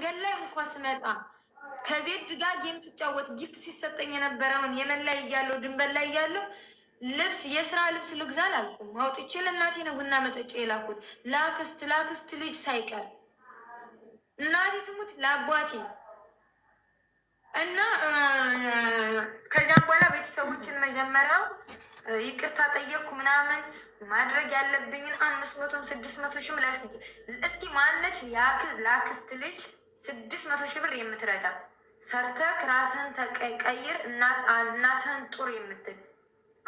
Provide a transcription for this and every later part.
መንገድ ላይ እንኳ ስመጣ ከዜድ ጋር የምትጫወት ጊፍት ሲሰጠኝ የነበረውን የመን ላይ እያለው ድንበር ላይ እያለው ልብስ የስራ ልብስ ልግዛ አላልኩም። አውጥቼ ለእናቴ ነው ቡና መጠጬ የላኩት ላክስት ላክስት ልጅ ሳይቀር እናቴ ትሙት ለአባቴ እና ከዚያም በኋላ ቤተሰቦችን መጀመሪያው ይቅርታ ጠየቅኩ ምናምን ማድረግ ያለብኝን አምስት መቶም ስድስት መቶ ሽም ላስ እስኪ ማነች ያክዝ ላክስት ልጅ ስድስት መቶ ሺህ ብር የምትረዳ ሰርተህ ራስህን ተቀይር እናትህን ጡር የምትል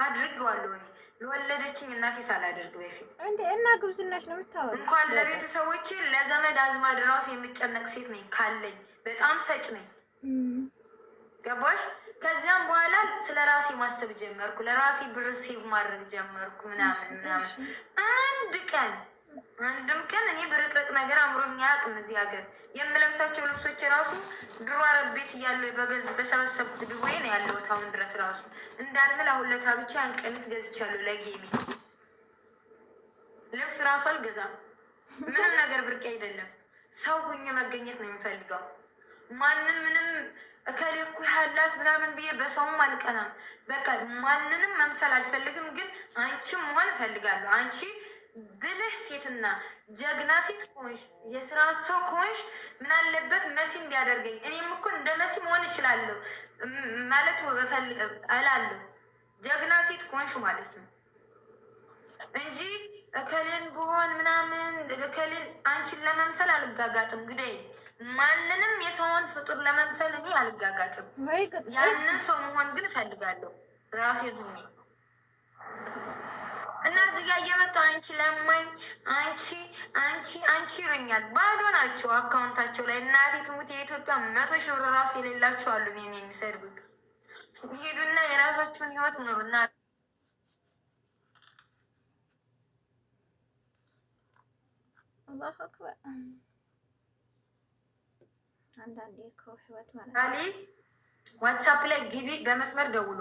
አድርጌዋለሁ። እኔ ለወለደችኝ እናቴ ሳላደርግ በፊት እንዴ እና ግብዝናሽ ነው የምታወራው። እንኳን ለቤተሰቦች ለዘመድ አዝማድ ራሱ የምጨነቅ ሴት ነኝ። ካለኝ በጣም ሰጭ ነኝ። ገባሽ? ከዚያም በኋላ ስለ ራሴ ማሰብ ጀመርኩ። ለራሴ ብር ሴቭ ማድረግ ጀመርኩ ምናምን ምናምን አንድ ቀን አንድም ቀን እኔ ብርቅርቅ ነገር አምሮኛ አያውቅም። እዚህ ሀገር የምለብሳቸው ልብሶች ራሱ ድሮ አረብ ቤት እያለሁ በገዝ በሰበሰብኩት ድቦዬ ነው ያለሁት አሁን ድረስ ራሱ እንዳልምል አሁን ለታ ብቻ ያን ቀሚስ ገዝቻለሁ። ለጌሚ ልብስ ራሱ አልገዛም። ምንም ነገር ብርቅ አይደለም። ሰው ሁኜ መገኘት ነው የሚፈልገው። ማንም ምንም እከሌ እኮ ያላት ምናምን ብዬ በሰውም አልቀናም። በቃ ማንንም መምሰል አልፈልግም፣ ግን አንቺም መሆን እፈልጋለሁ አንቺ ብልህ ሴትና ጀግና ሴት ከሆንሽ የስራ ሰው ከሆንሽ ምን አለበት መሲ እንዲያደርገኝ እኔም እኮ እንደ መሲ መሆን እችላለሁ ማለት እላለሁ። ጀግና ሴት ከሆንሽ ማለት ነው እንጂ እከሌን ብሆን ምናምን እከሌን አንቺን ለመምሰል አልጋጋጥም። ግደይ ማንንም የሰውን ፍጡር ለመምሰል እኔ አልጋጋጥም። ያንን ሰው መሆን ግን እፈልጋለሁ ራሴ ሁኜ እዚህ ጋር እየመጡ አንቺ ለማኝ አንቺ አንቺ አንቺ ይሉኛል። ባዶ ናቸው አካውንታቸው ላይ እናቴ ትሙት የኢትዮጵያ መቶ ሺ ብር ራሱ የሌላቸው አሉ። እኔን የሚሰድቡት ሂዱና የራሳችሁን ህይወት ኑሩና አንዳንዴ ከው ህይወት ማለት ዋትሳፕ ላይ ግቢ፣ በመስመር ደውሎ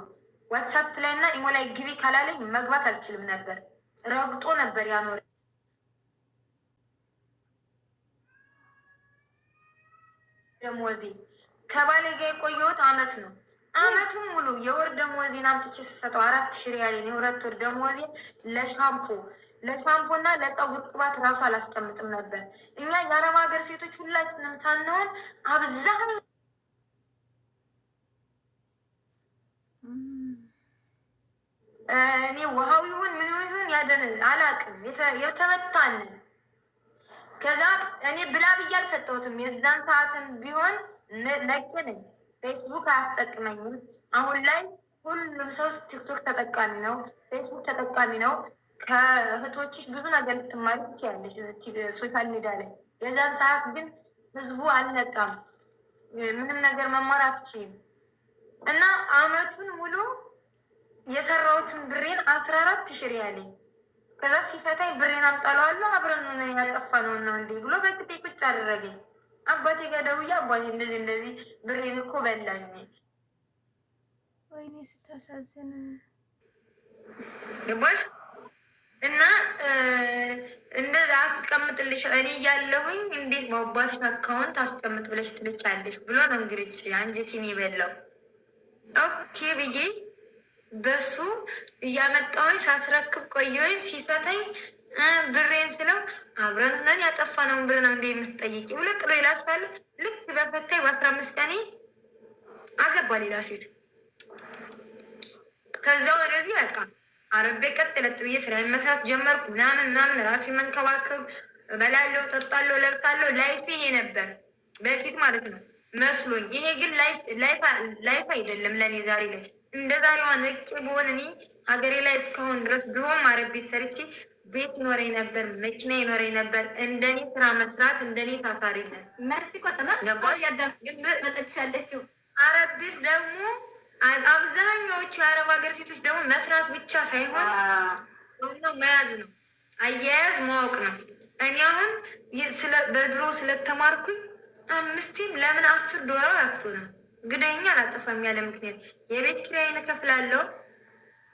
ዋትሳፕ ላይ እና ኢሞ ላይ ግቢ ካላለኝ መግባት አልችልም ነበር። ረግጦ ነበር ያኖረ ደሞዜ ከባሌ ጋር የቆየሁት አመት ነው። አመቱን ሙሉ የወር ደሞዜን አምጥቼ ስሰጠው አራት ሺ ሪያሌን የሁለት ወር ደሞዜን ለሻምፖ ለሻምፖ እና ለፀጉር ቅባት ራሱ አላስቀምጥም ነበር። እኛ የአረብ ሀገር ሴቶች ሁላችንም ሳንሆን አብዛኛው እኔ ውሃው ይሁን ምን የሚያድን አላቅም የተመታን ከዛ እኔ ብላ ብዬ አልሰጠሁትም። የዛን ሰዓትም ቢሆን ነቄ ፌስቡክ አያስጠቅመኝም። አሁን ላይ ሁሉም ሰው ቲክቶክ ተጠቃሚ ነው፣ ፌስቡክ ተጠቃሚ ነው። ከእህቶችሽ ብዙ ነገር ልትማሪ ትችያለሽ ሶሻል ሚዲያ ላይ። የዛን ሰዓት ግን ህዝቡ አልነቃም። ምንም ነገር መማር አትችይም። እና አመቱን ሙሉ የሰራሁትን ብሬን አስራ አራት ሽር ያለኝ ከዛ ሲፈታኝ ብሬን አምጣለዋለሁ አብረን ምን ያጠፋ ነው ነው እንዴ ብሎ በቅጤ ቁጭ አደረገኝ። አባቴ ጋር ደውዬ አባቴ እንደዚህ እንደዚህ ብሬን እኮ በላኝ። ወይኔ ስታሳዝን ገባሽ እና እንደዚ አስቀምጥልሽ እኔ እያለሁኝ እንዴት በአባትሽ አካውንት አስቀምጥ ብለሽ ትልቻለሽ ብሎ ነው እንግዲህ አንጀቴን የበላው ኦኬ ብዬ በሱ እያመጣሁኝ ሳስረክብ ቆየሁኝ። ሲፈተኝ ብሬን ስለው አብረን ነን ያጠፋነውን ብር ነው እንደ የምትጠይቂ ብሎ ጥሎ ይላሻል። ልክ በፈታኝ በአስራ አምስት ቀኔ አገባ ሌላ ሴት። ከዛ ወደዚህ በቃ አረቤ ቀጥ ለጥ ብዬ ስራ መስራት ጀመርኩ። ምናምን ምናምን ራሴ መንከባከብ በላለው ጠጣለው ለብሳለው ላይፍ ይሄ ነበር በፊት ማለት ነው መስሎኝ። ይሄ ግን ላይፍ አይደለም ለእኔ ዛሬ ላይ እንደ ዛሬዋ ነቄ እኔ ሀገሬ ላይ እስካሁን ድረስ ድሮም አረብ ቤት ሰርቼ ቤት ይኖረኝ ነበር፣ መኪና ይኖረኝ ነበር። እንደኔ ስራ መስራት እንደኔ ታታሪነት መርሲ አረብ ቤት ደግሞ አብዛኛዎቹ የአረብ ሀገር ሴቶች ደግሞ መስራት ብቻ ሳይሆን መያዝ ነው፣ አያያዝ ማወቅ ነው። እኔ አሁን በድሮ ስለተማርኩኝ አምስቴም ለምን አስር ዶላር አትሆንም ግደኛ አላጠፋም ያለ ምክንያት የቤት ኪራይን እከፍላለሁ።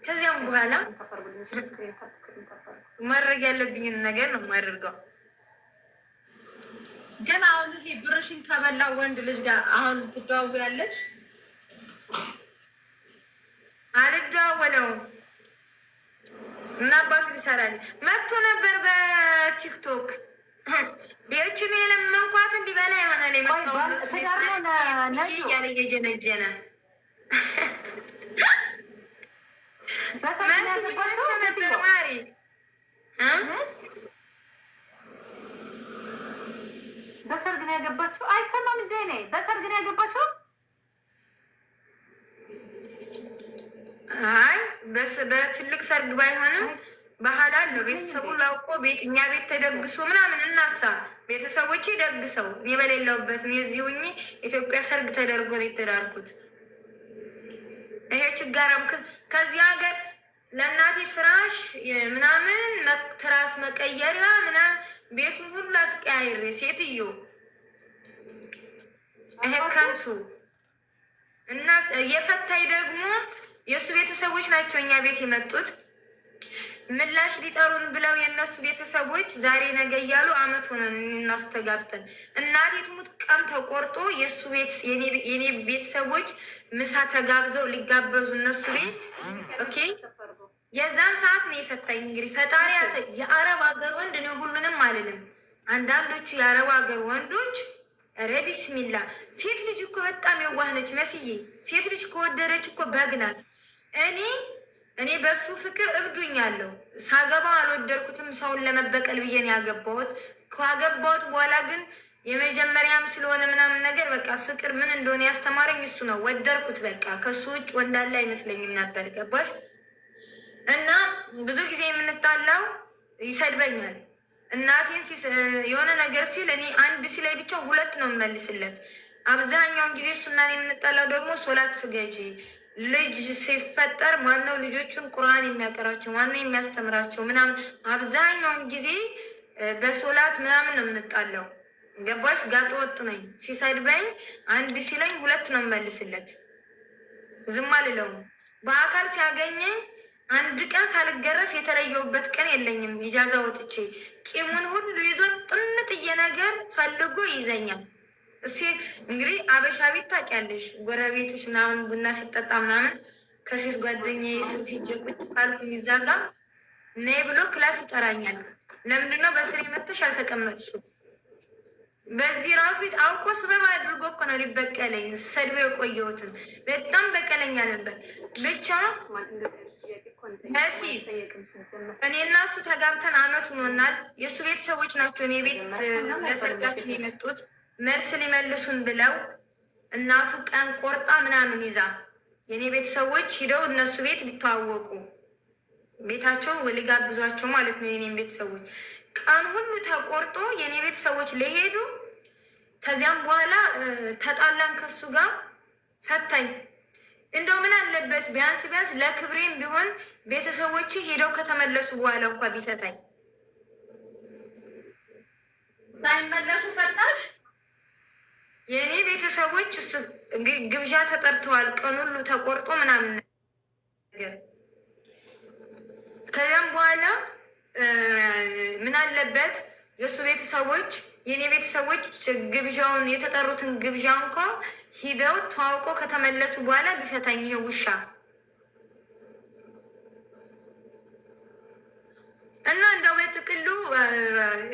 ከዚያም በኋላ ማድረግ ያለብኝን ነገር ነው የማደርገው። ግን አሁን ይሄ ብርሽን ከበላ ወንድ ልጅ ጋር አሁን ትደዋወያለሽ? አልደዋወለውም። ምናባቱ ይሰራል መጥቶ ነበር በቲክቶክ ይህችን የለመንኳት እንዲበላ ይሆናል እያለ እየጀነጀነ ነበር ማሪ በሰርግ ነው ያገባችው። አይሰማም እንዴ? እኔ በሰርግ ነው ያገባችው። አይ በትልቅ ሰርግ ባይሆንም ባህል አለው ቤተሰቡ አውቆ ቤት እኛ ቤት ተደግሶ ምናምን እናሳ ቤተሰቦች ደግሰው እኔ በሌለውበት የዚህ ኢትዮጵያ ሰርግ ተደርጎ ነው የተዳርኩት። ይሄ ችጋራም ከዚህ ሀገር ለእናቴ ፍራሽ ምናምን ትራስ መቀየሪያ ምናምን ቤቱ ሁሉ አስቀያይሬ ሴትዮ ይሄ ከንቱ እና የፈታይ ደግሞ የእሱ ቤተሰቦች ናቸው እኛ ቤት የመጡት ምላሽ ሊጠሩን ብለው የእነሱ ቤተሰቦች ዛሬ ነገ እያሉ አመት ሆነን እናሱ ተጋብተን እናቴ ትሙት ቀን ተቆርጦ የእሱ ቤት የኔ ቤተሰቦች ምሳ ተጋብዘው ሊጋበዙ እነሱ ቤት ኦኬ። የዛን ሰዓት ነው የፈታኝ። እንግዲህ ፈጣሪ ያሰ የአረብ ሀገር ወንድ ነው ሁሉንም አልልም። አንዳንዶቹ የአረብ ሀገር ወንዶች ኧረ ቢስሚላ ሴት ልጅ እኮ በጣም የዋህነች መስዬ ሴት ልጅ ከወደደች እኮ በግናት እኔ እኔ በሱ ፍቅር እብዱኛለሁ። ሳገባ አልወደድኩትም። ሰውን ለመበቀል ብዬ ነው ያገባሁት። ካገባሁት በኋላ ግን የመጀመሪያም ስለሆነ ምናምን ነገር በቃ ፍቅር ምን እንደሆነ ያስተማረኝ እሱ ነው። ወደድኩት። በቃ ከሱ ውጭ ወንዳለ አይመስለኝም ነበር። ገባሽ? እና ብዙ ጊዜ የምንጣላው ይሰድበኛል። እናቴን የሆነ ነገር ሲል እኔ አንድ ሲላይ ብቻ ሁለት ነው የምመልስለት። አብዛኛውን ጊዜ እሱና እኔ የምንጣላው ደግሞ ሶላት ስገጂ ልጅ ሲፈጠር ማነው ልጆቹን ቁርአን የሚያቀራቸው? ማነው የሚያስተምራቸው? ምናምን አብዛኛውን ጊዜ በሶላት ምናምን ነው የምንጣለው። ገባሽ? ጋጠ ወጥ ነኝ። ሲሰድበኝ አንድ ሲለኝ ሁለት ነው መልስለት፣ ዝም አልለውም። በአካል ሲያገኘኝ አንድ ቀን ሳልገረፍ የተለየውበት ቀን የለኝም። ኢጃዛ ወጥቼ ቂሙን ሁሉ ይዞ ጥንት ነገር ፈልጎ ይዘኛል። እሴ እንግዲህ አበሻ ቤት ታውቂያለሽ፣ ጎረቤቶች ምናምን ቡና ሲጠጣ ምናምን ከሴት ጓደኛ ስልክ ሂጅ ቁጭ ካልኩ ይዛጋ ነይ ብሎ ክላስ ይጠራኛል። ለምንድነው በስሬ መተሽ አልተቀመጥሽ? በዚህ ራሱ አውቆ ስበብ አድርጎ እኮ ነው ሊበቀለኝ ሰድቤ የቆየሁትን። በጣም በቀለኛ ነበር። ብቻ እሲ እኔ እና እሱ ተጋብተን አመት ሆኖናል። የእሱ ቤተሰቦች ናቸው እኔ ቤት ለሰርጋችን የመጡት መልስ ሊመልሱን ብለው እናቱ ቀን ቆርጣ ምናምን ይዛ የእኔ ቤተሰቦች ሂደው እነሱ ቤት ሊተዋወቁ ቤታቸው ሊጋብዟቸው ማለት ነው። የኔን ቤተሰቦች ቀን ሁሉ ተቆርጦ የእኔ ቤተሰቦች ለሄዱ ከዚያም በኋላ ተጣላን ከሱ ጋር ፈታኝ። እንደው ምን አለበት ቢያንስ ቢያንስ ለክብሬም ቢሆን ቤተሰቦች ሄደው ከተመለሱ በኋላ እንኳ ቢፈታኝ። ሳይመለሱ ፈታሽ ቤተሰቦች እሱ ግብዣ ተጠርተዋል። ቀን ሁሉ ተቆርጦ ምናምን ነገር ከዚያም በኋላ ምን አለበት የእሱ ቤተሰቦች የእኔ ቤተሰቦች ግብዣውን የተጠሩትን ግብዣ እንኳ ሂደው ተዋውቆ ከተመለሱ በኋላ ቢፈታኝ ይሄ ውሻ እና እንደው በጥቅሉ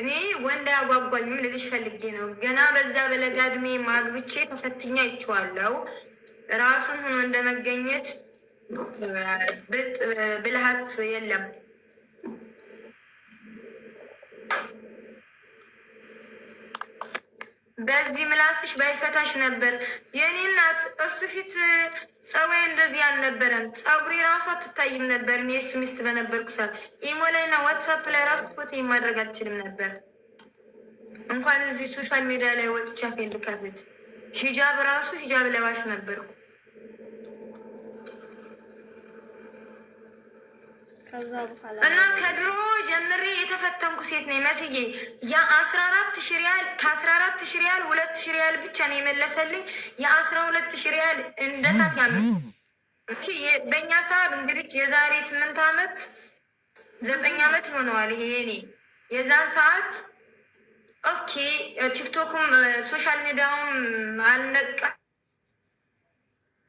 እኔ ወንድ አያጓጓኝም ልልሽ ፈልጌ ነው። ገና በዛ በለጋ እድሜ ማግብቼ ተፈትኛ ይችዋለው ራሱን ሆኖ እንደመገኘት ብልሃት የለም። በዚህ ምላስሽ ባይፈታሽ ነበር የኔ እናት። እሱ ፊት ጸባይ እንደዚህ አልነበረም። ጸጉሬ ራሱ አትታይም ነበር። እኔ እሱ ሚስት በነበርኩ ሰዓት ኢሞ ላይና ዋትሳፕ ላይ ራሱ ፎቶ ማድረግ አልችልም ነበር። እንኳን እዚህ ሶሻል ሚዲያ ላይ ወጥቻ ፌልካቤት ሂጃብ ራሱ ሂጃብ ለባሽ ነበርኩ። ከዛ በኋላ እና ከድሮ ጀምሬ የተፈተንኩ ሴት ነኝ መስዬ። የአስራ አራት ሺህ ሪያል ከአስራ አራት ሺህ ሪያል ሁለት ሺህ ሪያል ብቻ ነው የመለሰልኝ። የአስራ ሁለት ሺህ ሪያል እንደ ሳት ያመ በእኛ ሰዓት እንግዲህ የዛሬ ስምንት ዓመት ዘጠኝ ዓመት ይሆነዋል። ይሄ እኔ የዛን ሰዓት ኦኬ ቲክቶክም ሶሻል ሚዲያውም አልነቃ